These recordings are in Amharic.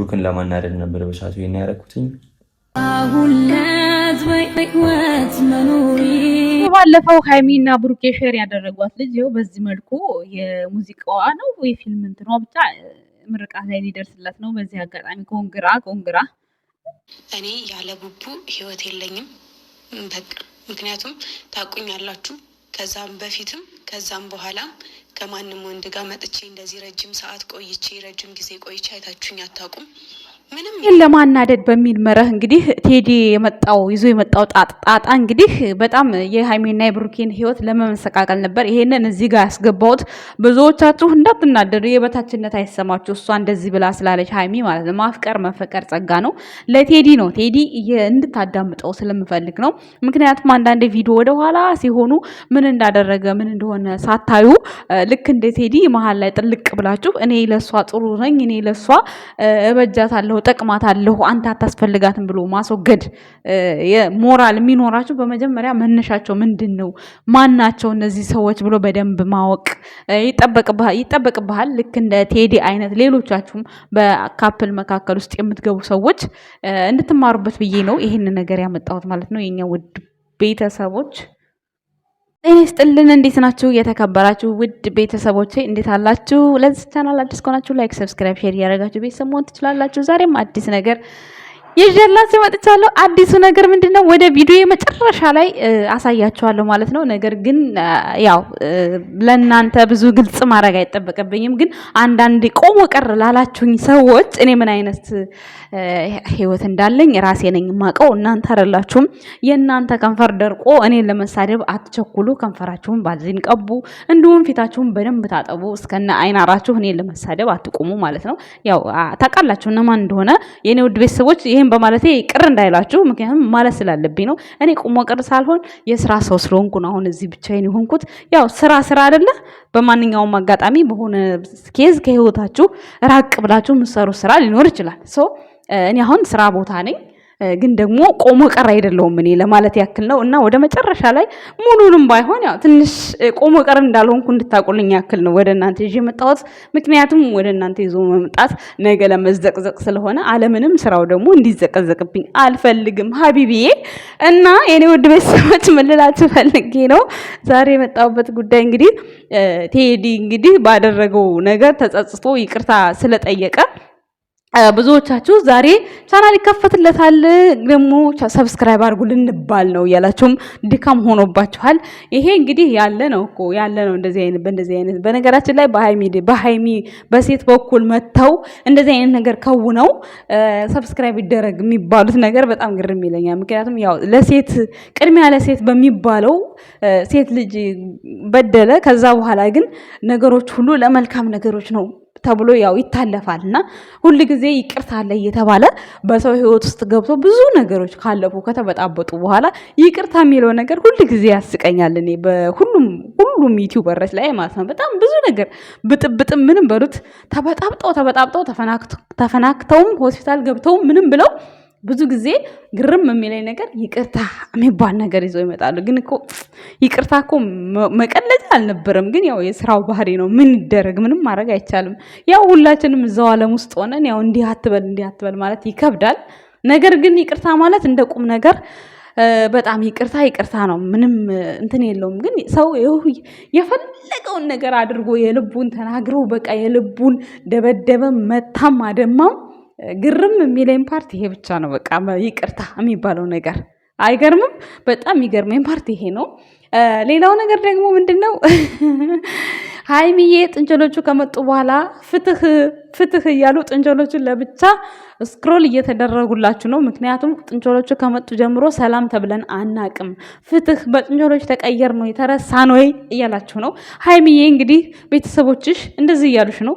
ብሩክን ለማናደድ ነበር በሰዓቱ ይሄን ያደረኩትኝ። ባለፈው ሀይሚና ብሩኬ ሼር ያደረጓት ልጅ ይኸው በዚህ መልኩ የሙዚቃዋ ነው የፊልም እንትኗ ብቻ ምርቃት ላይ ሊደርስላት ነው። በዚህ አጋጣሚ ኮንግራ ኮንግራ። እኔ ያለ ቡቡ ህይወት የለኝም በቃ ምክንያቱም ታቁኝ ያላችሁ ከዛም በፊትም ከዛም በኋላም ከማንም ወንድ ጋር መጥቼ እንደዚህ ረጅም ሰዓት ቆይቼ ረጅም ጊዜ ቆይቼ አይታችሁኝ አታውቁም። ይህን ለማናደድ በሚል መረህ እንግዲህ ቴዲ የመጣው ይዞ የመጣው ጣጣ እንግዲህ በጣም የሃይሜና የብሩኬን ህይወት ለመመሰቃቀል ነበር። ይሄንን እዚህ ጋር ያስገባሁት ብዙዎቻችሁ እንዳትናደዱ የበታችነት አይሰማችሁ። እሷ እንደዚህ ብላ ስላለች ሃይሚ ማለት ነው። ማፍቀር መፈቀር ጸጋ ነው። ለቴዲ ነው ቴዲ እንድታዳምጠው ስለምፈልግ ነው። ምክንያቱም አንዳንድ ቪዲዮ ወደኋላ ሲሆኑ ምን እንዳደረገ ምን እንደሆነ ሳታዩ ልክ እንደ ቴዲ መሀል ላይ ጥልቅ ብላችሁ እኔ ለእሷ ጥሩ ነኝ፣ እኔ ለእሷ እበጃታለሁ አለሁ አንተ አታስፈልጋትም ብሎ ማስወገድ ሞራል የሚኖራቸው በመጀመሪያ መነሻቸው ምንድን ነው? ናቸው እነዚህ ሰዎች ብሎ በደንብ ማወቅ ይጠበቅብሃል። ልክ እንደ ቴዲ አይነት ሌሎቻችሁም በካፕል መካከል ውስጥ የምትገቡ ሰዎች እንድትማሩበት ብዬ ነው ይህንን ነገር ያመጣሁት ማለት ነው የኛ ውድ ቤተሰቦች ጤና ይስጥልን። እንዴት ናችሁ? የተከበራችሁ ውድ ቤተሰቦቼ እንዴት አላችሁ? ለዚህ ቻናል አዲስ ከሆናችሁ ላይክ፣ ሰብስክራይብ፣ ሼር እያደረጋችሁ ቤተሰብ መሆን ትችላላችሁ። ዛሬም አዲስ ነገር ይዤላችሁ መጥቻለሁ። አዲሱ ነገር ምንድነው? ወደ ቪዲዮ መጨረሻ ላይ አሳያችኋለሁ ማለት ነው። ነገር ግን ያው ለእናንተ ብዙ ግልጽ ማድረግ አይጠበቅብኝም። ግን አንዳንድ ቆሞ ቀር ላላችሁኝ ሰዎች እኔ ምን አይነት ህይወት እንዳለኝ ራሴ ነኝ የማውቀው፣ እናንተ አይደላችሁም። የእናንተ ከንፈር ደርቆ እኔን ለመሳደብ አትቸኩሉ። ከንፈራችሁን ባዚን ቀቡ፣ እንዲሁም ፊታችሁን በደንብ ታጠቡ። እስከነ አይናራችሁ እኔን ለመሳደብ አትቁሙ ማለት ነው። ያው ታውቃላችሁ እነማን እንደሆነ የእኔ ውድ ቤተሰቦች ይህም በማለቴ ቅር እንዳይላችሁ፣ ምክንያቱም ማለት ስላለብኝ ነው። እኔ ቁሞ ቅር ሳልሆን የስራ ሰው ስለሆንኩ ነው አሁን እዚህ ብቻዬን የሆንኩት። ያው ስራ ስራ አይደለ? በማንኛውም አጋጣሚ በሆነ ኬዝ ከህይወታችሁ ራቅ ብላችሁ የምትሰሩ ስራ ሊኖር ይችላል። እኔ አሁን ስራ ቦታ ነኝ ግን ደግሞ ቆሞ ቀር አይደለሁም እኔ ለማለት ያክል ነው። እና ወደ መጨረሻ ላይ ሙሉንም ባይሆን ያው ትንሽ ቆሞ ቀር እንዳልሆንኩ እንድታቆልኝ ያክል ነው ወደ እናንተ ይዤ መጣሁት። ምክንያቱም ወደ እናንተ ይዞ መምጣት ነገ ለመዘቅዘቅ ስለሆነ አለምንም ስራው ደግሞ እንዲዘቀዘቅብኝ አልፈልግም ሀቢብዬ። እና የኔ ውድ ቤተሰቦች ምን ፈልጌ ነው ዛሬ የመጣሁበት ጉዳይ እንግዲህ ቴዲ እንግዲህ ባደረገው ነገር ተጸጽቶ ይቅርታ ስለጠየቀ ብዙዎቻችሁ ዛሬ ቻናል ይከፈትለታል ደግሞ ሰብስክራይብ አድርጉ ልንባል ነው እያላችሁም ድካም ሆኖባችኋል። ይሄ እንግዲህ ያለ ነው እኮ ያለ ነው እንደዚህ አይነት በእንደዚህ አይነት በነገራችን ላይ በሀይሚ በሴት በኩል መጥተው እንደዚህ አይነት ነገር ከውነው ሰብስክራይብ ይደረግ የሚባሉት ነገር በጣም ግርም ይለኛል። ምክንያቱም ያው ለሴት ቅድሚያ ለሴት በሚባለው ሴት ልጅ በደለ። ከዛ በኋላ ግን ነገሮች ሁሉ ለመልካም ነገሮች ነው ተብሎ ያው ይታለፋል እና ሁል ጊዜ ይቅርታ አለ እየተባለ በሰው ህይወት ውስጥ ገብቶ ብዙ ነገሮች ካለፉ ከተበጣበጡ በኋላ ይቅርታ የሚለው ነገር ሁል ጊዜ ያስቀኛል። እኔ በሁሉም ሁሉም ዩቲዩበሮች ላይ ማለት ነው በጣም ብዙ ነገር ብጥብጥም ምንም በሉት ተበጣብጠው ተበጣብጠው ተፈናክተውም ሆስፒታል ገብተውም ምንም ብለው ብዙ ጊዜ ግርም የሚለኝ ነገር ይቅርታ የሚባል ነገር ይዘው ይመጣሉ። ግን እኮ ይቅርታ እኮ መቀለጫ አልነበረም። ግን ያው የስራው ባህሪ ነው። ምን ይደረግ? ምንም ማድረግ አይቻልም። ያው ሁላችንም እዛው ዓለም ውስጥ ሆነን ያው እንዲህ አትበል እንዲህ አትበል ማለት ይከብዳል። ነገር ግን ይቅርታ ማለት እንደ ቁም ነገር በጣም ይቅርታ ይቅርታ ነው። ምንም እንትን የለውም። ግን ሰው የፈለገውን ነገር አድርጎ የልቡን ተናግሮ በቃ የልቡን ደበደበም፣ መታም፣ አደማም ግርም የሚለኝ ፓርት ይሄ ብቻ ነው። በቃ ይቅርታ የሚባለው ነገር አይገርምም። በጣም የሚገርመኝ ፓርት ይሄ ነው። ሌላው ነገር ደግሞ ምንድን ነው ሀይሚዬ ጥንጀሎቹ ከመጡ በኋላ ፍትህ ፍትህ እያሉ ጥንጀሎቹን ለብቻ ስክሮል እየተደረጉላችሁ ነው። ምክንያቱም ጥንቸሎቹ ከመጡ ጀምሮ ሰላም ተብለን አናቅም። ፍትህ በጥንቸሎች ተቀየር ነው የተረሳ ነው ወይ እያላችሁ ነው። ሀይሚዬ እንግዲህ ቤተሰቦችሽ እንደዚህ እያሉሽ ነው።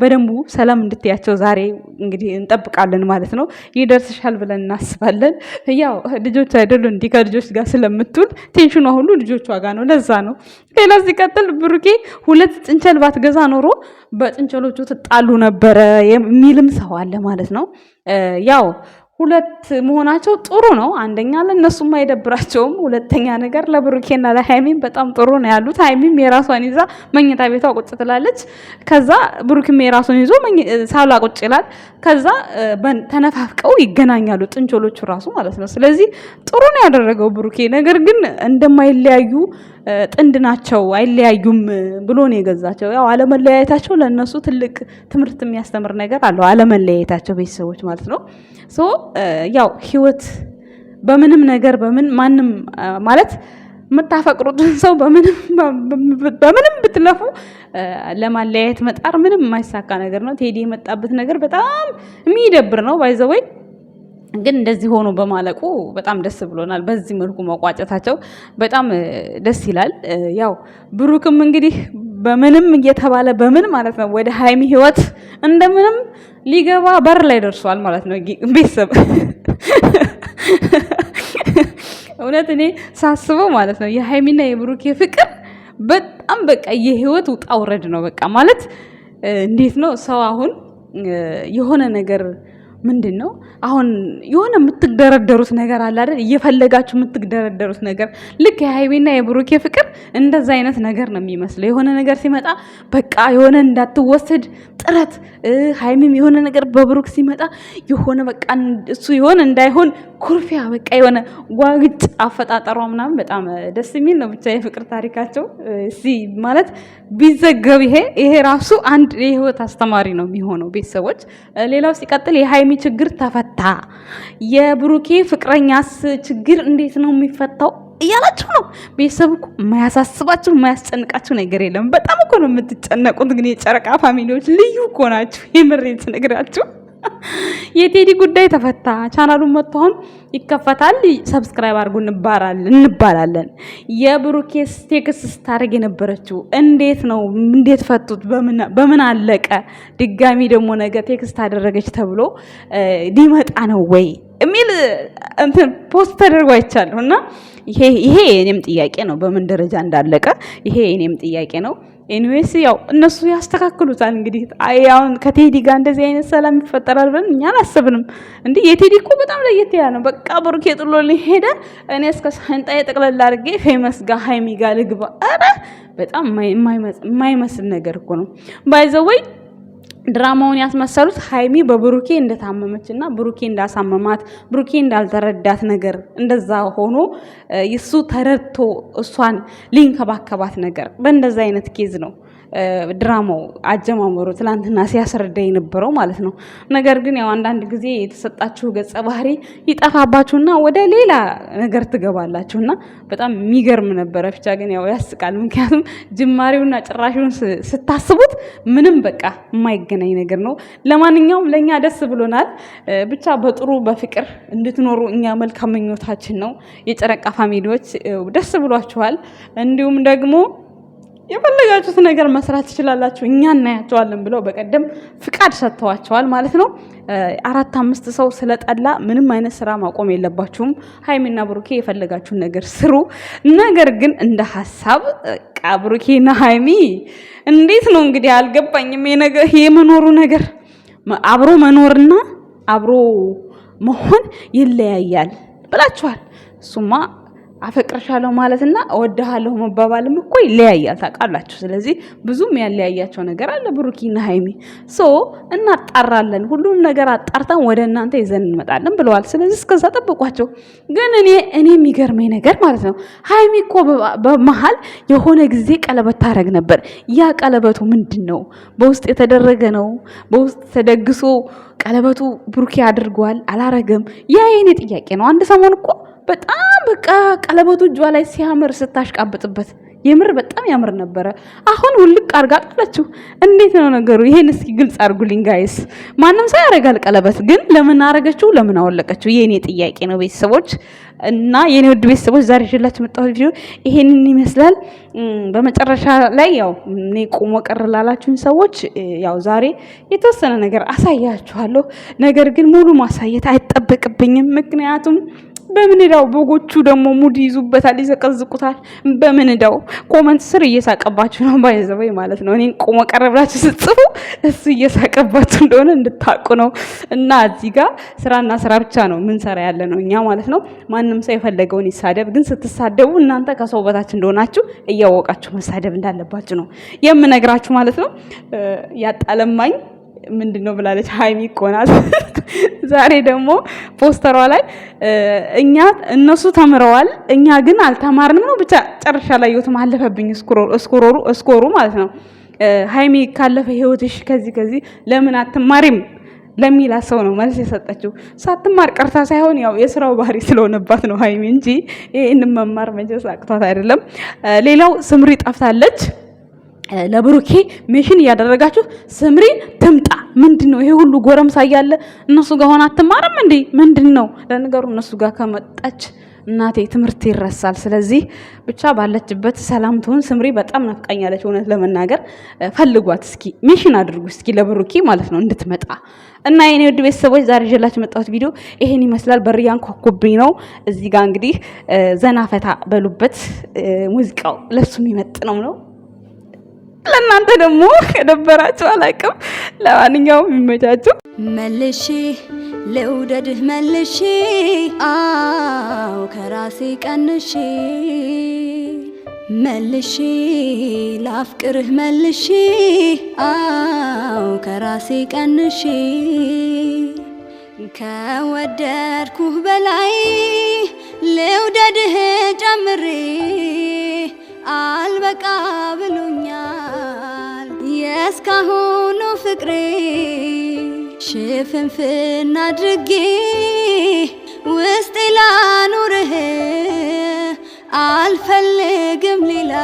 በደንቡ ሰላም እንድትያቸው ዛሬ እንግዲህ እንጠብቃለን ማለት ነው። ይደርስሻል ብለን እናስባለን። ያው ልጆች አይደሉ እንዲህ ከልጆች ጋር ስለምትውል ቴንሽኗ ሁሉ ልጆቹ ጋር ነው። ለዛ ነው። ሌላ ሲቀጥል ብሩኬ ሁለት ጥንቸል ባትገዛ ኖሮ በጥንቸሎቹ ትጣሉ ነበረ የሚልም ሰው አለ ማለት ነው። ያው ሁለት መሆናቸው ጥሩ ነው። አንደኛ ለእነሱም አይደብራቸውም። ሁለተኛ ነገር ለብሩኬና ለሃይሚም በጣም ጥሩ ነው ያሉት። ሃይሚም የራሷን ይዛ መኝታ ቤቷ ቁጭ ትላለች። ከዛ ብሩኬም የራሱን ይዞ ሳሏ ቁጭ ይላል። ከዛ ተነፋፍቀው ይገናኛሉ፣ ጥንቾሎቹ ራሱ ማለት ነው። ስለዚህ ጥሩ ነው ያደረገው ብሩኬ። ነገር ግን እንደማይለያዩ ጥንድ ናቸው አይለያዩም ብሎ ነው የገዛቸው። ያው አለመለያየታቸው ለእነሱ ትልቅ ትምህርት የሚያስተምር ነገር አለው። አለመለያየታቸው ቤተሰቦች ማለት ነው። ሶ ያው ህይወት በምንም ነገር በምን ማንም ማለት የምታፈቅሩትን ሰው በምንም ብትለፉ ለማለያየት መጣር ምንም የማይሳካ ነገር ነው። ቴዲ የመጣበት ነገር በጣም የሚደብር ነው ባይዘወይ ግን እንደዚህ ሆኖ በማለቁ በጣም ደስ ብሎናል። በዚህ መልኩ መቋጨታቸው በጣም ደስ ይላል። ያው ብሩክም እንግዲህ በምንም እየተባለ በምን ማለት ነው ወደ ሀይሚ ህይወት እንደምንም ሊገባ በር ላይ ደርሷል ማለት ነው። ቤተሰብ እውነት እኔ ሳስበው ማለት ነው የሀይሚና የብሩክ ፍቅር በጣም በቃ የህይወት ውጣ ውረድ ነው። በቃ ማለት እንዴት ነው ሰው አሁን የሆነ ነገር ምንድን ነው አሁን የሆነ የምትደረደሩት ነገር አለ አይደል? እየፈለጋችሁ የምትደረደሩት ነገር ልክ የሀይቤና የብሩኬ ፍቅር እንደዛ አይነት ነገር ነው የሚመስለው። የሆነ ነገር ሲመጣ በቃ የሆነ እንዳትወሰድ ጥረት፣ ሀይሜም የሆነ ነገር በብሩክ ሲመጣ የሆነ በቃ እሱ የሆነ እንዳይሆን ኩርፊያ በቃ የሆነ ዋግጭ አፈጣጠሯ ምናምን በጣም ደስ የሚል ነው። ብቻ የፍቅር ታሪካቸው ማለት ቢዘገብ ይሄ ይሄ ራሱ አንድ የህይወት አስተማሪ ነው የሚሆነው ቤተሰቦች። ሌላው ሲቀጥል የሀይሚ ችግር ተፈታ፣ የብሩኬ ፍቅረኛስ ችግር እንዴት ነው የሚፈታው እያላችሁ ነው ቤተሰብ። እኮ የማያሳስባችሁ የማያስጨንቃችሁ ነገር የለም። በጣም እኮ ነው የምትጨነቁት፣ ግን የጨረቃ ፋሚሊዎች ልዩ እኮ ናችሁ። የምሬት ነግራችሁ የቴዲ ጉዳይ ተፈታ። ቻናሉን መጥቶ ይከፈታል። ሰብስክራይብ አድርጉ እንባላለን። የብሩኬስ ቴክስ ስታደርግ የነበረችው እንዴት ነው? እንዴት ፈቱት? በምን አለቀ? ድጋሚ ደግሞ ነገ ቴክስ ታደረገች ተብሎ ሊመጣ ነው ወይ የሚል እንትን ፖስት ተደርጎ አይቻለሁ እና ይሄ የኔም ጥያቄ ነው። በምን ደረጃ እንዳለቀ ይሄ የኔም ጥያቄ ነው። ኤኒዌይስ ያው እነሱ ያስተካክሉታል። እንግዲህ አሁን ከቴዲ ጋር እንደዚህ አይነት ሰላም ይፈጠራል ብለን እኛ አላሰብንም። እንዲህ የቴዲ እኮ በጣም ለየት ያለ ነው። በቃ ብሩኬ ጥሎልኝ ሄደ። እኔ እስከ ሳንጣ ጠቅለል አድርጌ ፌመስ ጋር ሃይሚ ጋር ልግባ። ኧረ በጣም የማይመስል ነገር እኮ ነው ባይዘወይ ድራማውን ያስመሰሉት ሀይሚ በብሩኬ እንደታመመች እና ብሩኬ እንዳሳመማት ብሩኬ እንዳልተረዳት ነገር እንደዛ ሆኖ እሱ ተረድቶ እሷን ሊንከባከባት ነገር በእንደዛ አይነት ኬዝ ነው ድራማው አጀማመሩ ትላንትና ሲያስረዳ የነበረው ማለት ነው። ነገር ግን ያው አንዳንድ ጊዜ የተሰጣችሁ ገጸ ባህሪ ይጠፋባችሁና ወደ ሌላ ነገር ትገባላችሁና በጣም የሚገርም ነበረ። ብቻ ግን ያው ያስቃል። ምክንያቱም ጅማሬውና ጭራሹን ስታስቡት ምንም በቃ የማይገናኝ ነገር ነው። ለማንኛውም ለእኛ ደስ ብሎናል። ብቻ በጥሩ በፍቅር እንድትኖሩ እኛ መልካም ምኞታችን ነው። የጨረቃ ፋሚሊዎች ደስ ብሏችኋል። እንዲሁም ደግሞ የፈለጋችሁት ነገር መስራት ትችላላችሁ፣ እኛ እናያቸዋለን ብለው በቀደም ፍቃድ ሰጥተዋቸዋል ማለት ነው። አራት አምስት ሰው ስለጠላ ምንም አይነት ስራ ማቆም የለባችሁም። ሀይሚና ብሩኬ የፈለጋችሁን ነገር ስሩ። ነገር ግን እንደ ሀሳብ ብሩኬና ሀይሚ እንዴት ነው እንግዲህ አልገባኝም። የመኖሩ ነገር አብሮ መኖርና አብሮ መሆን ይለያያል ብላችኋል። እሱማ አፈቅርሻለሁ ማለትና እወድሃለሁ መባባልም እኮ ይለያያል ታውቃላችሁ። ስለዚህ ብዙም ያለያያቸው ነገር አለ ብሩኪና ሀይሚ ሶ እናጣራለን፣ ሁሉም ነገር አጣርተን ወደ እናንተ ይዘን እንመጣለን ብለዋል። ስለዚህ እስከዛ ጠብቋቸው። ግን እኔ እኔ የሚገርመኝ ነገር ማለት ነው ሀይሚ እኮ በመሀል የሆነ ጊዜ ቀለበት ታደረግ ነበር። ያ ቀለበቱ ምንድን ነው? በውስጥ የተደረገ ነው? በውስጥ ተደግሶ ቀለበቱ ብሩኪ አድርጓል አላረገም? ያ የኔ ጥያቄ ነው። አንድ ሰሞን እኮ በጣም በቃ ቀለበቱ እጇ ላይ ሲያምር ስታሽቃብጥበት የምር በጣም ያምር ነበረ። አሁን ውልቅ አርጋ ጣለችው። እንዴት ነው ነገሩ? ይሄን እስኪ ግልጽ አርጉልኝ ጋይስ። ማንም ሰው ያደርጋል ቀለበት፣ ግን ለምን አረገችው? ለምን አወለቀችው? የኔ ጥያቄ ነው ቤተሰቦች እና የኔ ውድ ቤተሰቦች ዛሬ ይዤላችሁ የመጣሁት ቪዲዮ ይሄንን ይመስላል። በመጨረሻ ላይ ያው እኔ ቁሞ ቀር ላላችሁኝ ሰዎች ያው ዛሬ የተወሰነ ነገር አሳያችኋለሁ። ነገር ግን ሙሉ ማሳየት አይጠበቅብኝም ምክንያቱም በምን እዳው በጎቹ ደግሞ ሙድ ይዙበታል፣ ይዘቀዝቁታል። በምን እዳው ኮመንት ስር እየሳቀባችሁ ነው ባይዘበይ ማለት ነው። እኔን ቆሞ ቀረብላችሁ ስጽፉ እሱ እየሳቀባችሁ እንደሆነ እንድታቁ ነው። እና እዚህ ጋር ስራና ስራ ብቻ ነው ምን ሰራ ያለ ነው እኛ ማለት ነው። ማንም ሰው የፈለገውን ይሳደብ፣ ግን ስትሳደቡ እናንተ ከሰው በታች እንደሆናችሁ እያወቃችሁ መሳደብ እንዳለባችሁ ነው የምነግራችሁ ማለት ነው። ያጣለማኝ ምንድን ነው ብላለች ሀይሚ እኮ ዛሬ ደግሞ ፖስተሯ ላይ እኛ እነሱ ተምረዋል እኛ ግን አልተማርንም ነው ብቻ። ጨርሻ ላይ ህይወትም አለፈብኝ እስኮሩ ማለት ነው። ሃይሚ ካለፈ ህይወትሽ ከዚህ ከዚህ ለምን አትማሪም ለሚላ ሰው ነው መልስ የሰጠችው። ሳትማር ቀርታ ሳይሆን ያው የስራው ባህሪ ስለሆነባት ነው ሃይሚ እንጂ ይህን መማር መጀስ አቅቷት አይደለም። ሌላው ስምሪ ጠፍታለች። ለብሩኬ ሜሽን እያደረጋችሁ ስምሪ ትምጣ ምንድን ነው ይሄ ሁሉ ጎረምሳ እያለ እነሱ ጋር ሆና አትማርም እንዴ? ምንድን ነው ለነገሩ እነሱ ጋር ከመጣች እናቴ ትምህርት ይረሳል። ስለዚህ ብቻ ባለችበት ሰላም ትሁን። ስምሪ በጣም ናፍቃኛለች። እውነት ለመናገር ፈልጓት እስኪ ሜሽን አድርጉ እስኪ ለብሩኪ ማለት ነው እንድትመጣ እና የኔ ውድ ቤተሰቦች ዛሬ ይዤላችሁ መጣሁት ቪዲዮ ይሄን ይመስላል። በር እያንኳኩብኝ ነው። እዚህ ጋር እንግዲህ ዘና ፈታ በሉበት። ሙዚቃው ለሱም ይመጥ ነው ነው ለእናንተ ደግሞ ከደበራችሁ አላቅም። ለማንኛውም የሚመቻችሁ መልሼ ልውደድህ መልሼ አው ከራሴ ቀንሼ መልሼ ላፍቅርህ መልሼ አው ከራሴ ቀንሼ ከወደድኩህ በላይ ልውደድህ ጨምሬ አልበቃ ብሎኛ እስካሁኑ ፍቅሬ ሽፍንፍን አድርጌ ውስጤ ላኑርህ አልፈልግም ሌላ